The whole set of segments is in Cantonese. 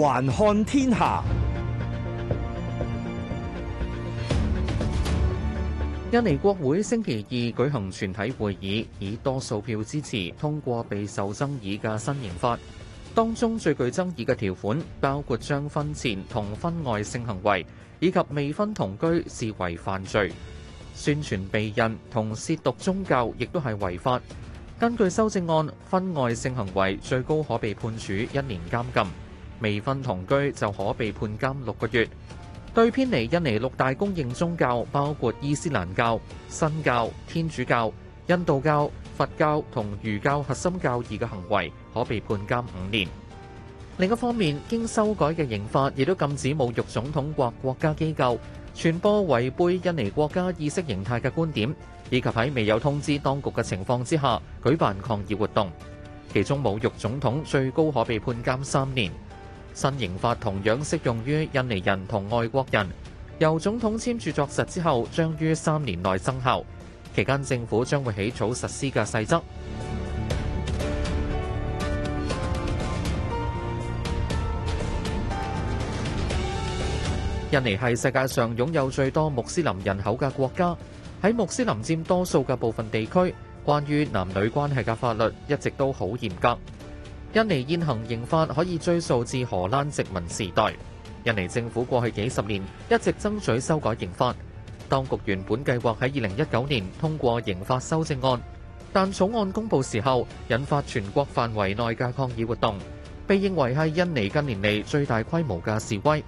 環看天下，印尼國會星期二舉行全體會議，以多數票支持通過備受爭議嘅新刑法。當中最具爭議嘅條款包括將婚前同婚外性行為以及未婚同居視為犯罪，宣傳避孕同褻瀆宗教亦都係違法。根據修正案，婚外性行為最高可被判處一年監禁。未婚同居就可被判監六個月。對偏離印尼六大公認宗教，包括伊斯蘭教、新教、天主教、印度教、佛教同儒教核心教義嘅行為，可被判監五年。另一方面，經修改嘅刑法亦都禁止侮辱總統或國家機構，傳播違背印尼國家意識形態嘅觀點，以及喺未有通知當局嘅情況之下舉辦抗議活動。其中，侮辱總統最高可被判監三年。新刑法同樣適用於印尼人同外國人，由總統簽署作實之後，將於三年內生效。期間政府將會起草實施嘅細則。印尼係世界上擁有最多穆斯林人口嘅國家，喺穆斯林佔多數嘅部分地區，關於男女關係嘅法律一直都好嚴格。印尼現行刑法可以追溯至荷蘭殖民時代。印尼政府過去幾十年一直爭取修改刑法，當局原本計劃喺2019年通過刑法修正案，但草案公布時候引發全國範圍內嘅抗議活動，被認為係印尼近年嚟最大規模嘅示威。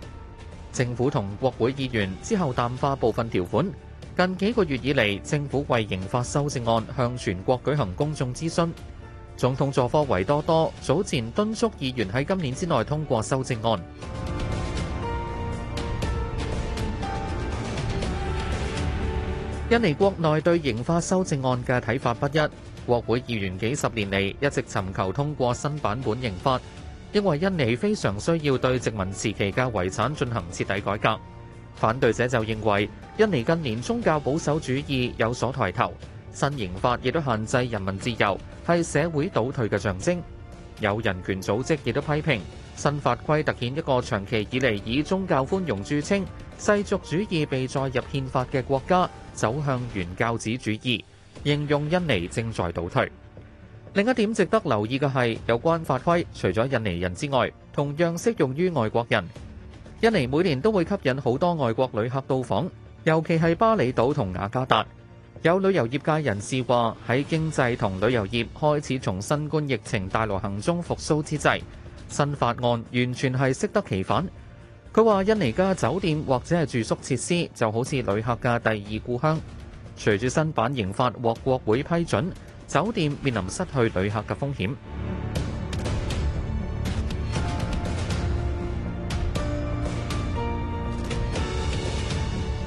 政府同國會議員之後淡化部分條款。近幾個月以嚟，政府為刑法修正案向全國舉行公眾諮詢。總統佐科維多多早前敦促議員喺今年之內通過修正案。印尼國內對刑法修正案嘅睇法不一，國會議員幾十年嚟一直尋求通過新版本刑法，因為印尼非常需要對殖民時期嘅遺產進行徹底改革。反對者就認為，印尼近年宗教保守主義有所抬頭。新刑法亦都限制人民自由，係社會倒退嘅象徵。有人權組織亦都批評新法規突顯一個長期以嚟以宗教寬容著稱、世俗主義被載入憲法嘅國家走向原教旨主義，形容印尼正在倒退。另一點值得留意嘅係，有關法規除咗印尼人之外，同樣適用於外國人。印尼每年都會吸引好多外國旅客到訪，尤其係巴厘島同雅加達。有旅遊業界人士話：喺經濟同旅遊業開始從新冠疫情大流行中復甦之際，新法案完全係適得其反。佢話：印尼嘅酒店或者係住宿設施就好似旅客嘅第二故鄉。隨住新版刑法獲國會批准，酒店面臨失去旅客嘅風險。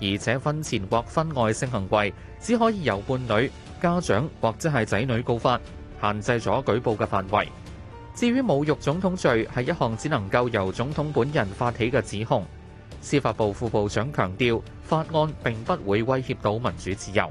而且婚前或婚外性行為只可以由伴侶、家長或者係仔女告發，限制咗舉報嘅範圍。至於侮辱總統罪，係一項只能夠由總統本人發起嘅指控。司法部副部長強調，法案並不會威脅到民主自由。